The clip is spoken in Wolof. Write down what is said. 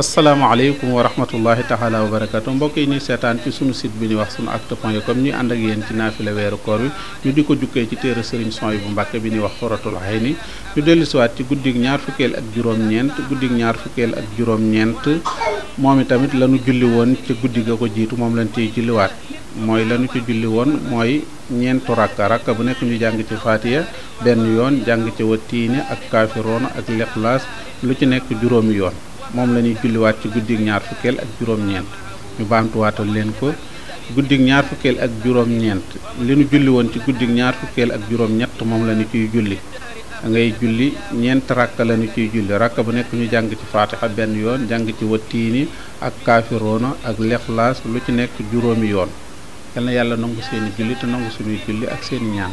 asalaamaaleykum wa rahmatullahi taala wa barakatu mbokk yi ñuy seetaan ci sunu sit bi ñuy wax sunu acte point com ñuy ànd ak yéen ci naafila weeru koor wi ñu di ko jukkee ci téere sëriñ son yi bu mbàkke bi ñuy wax xoratul ay ni ñu dellusiwaat ci guddig ñaar fukkeel ak juróom-ñeent guddig ñaar fukkeel ak juróom moom i tamit la ñu julli woon ca guddi ga ko jiitu moom lañu ciy julliwaat mooy la ñu ci julli woon mooy ñeentu rakka rakka bu nekk ñu jàng ci faatiya benn yoon jàng ci wattiine ak kaafiroona ak lixlaas lu ci nekk juróomi yoon moom la ñuy julliwaat ci guddig ñaar fukkeel ak juróom-ñeent ñu baamtuwaatal leen ko guddig ñaar fukkeel ak juróom-ñeent julli woon ci guddig ñaar fukkeel ak juróom moom la ñu ciy julli da ngay julli ñeent rakka la ciy julli rakka bu nekk ñu jàng ci faatixa benn yoon jàng ci wattiini ak kaafiroona ak lexlaas lu ci nekk juróomi yoon yal na yàlla nangu seeni julli te nangu suñuy julli ak seeni ñaan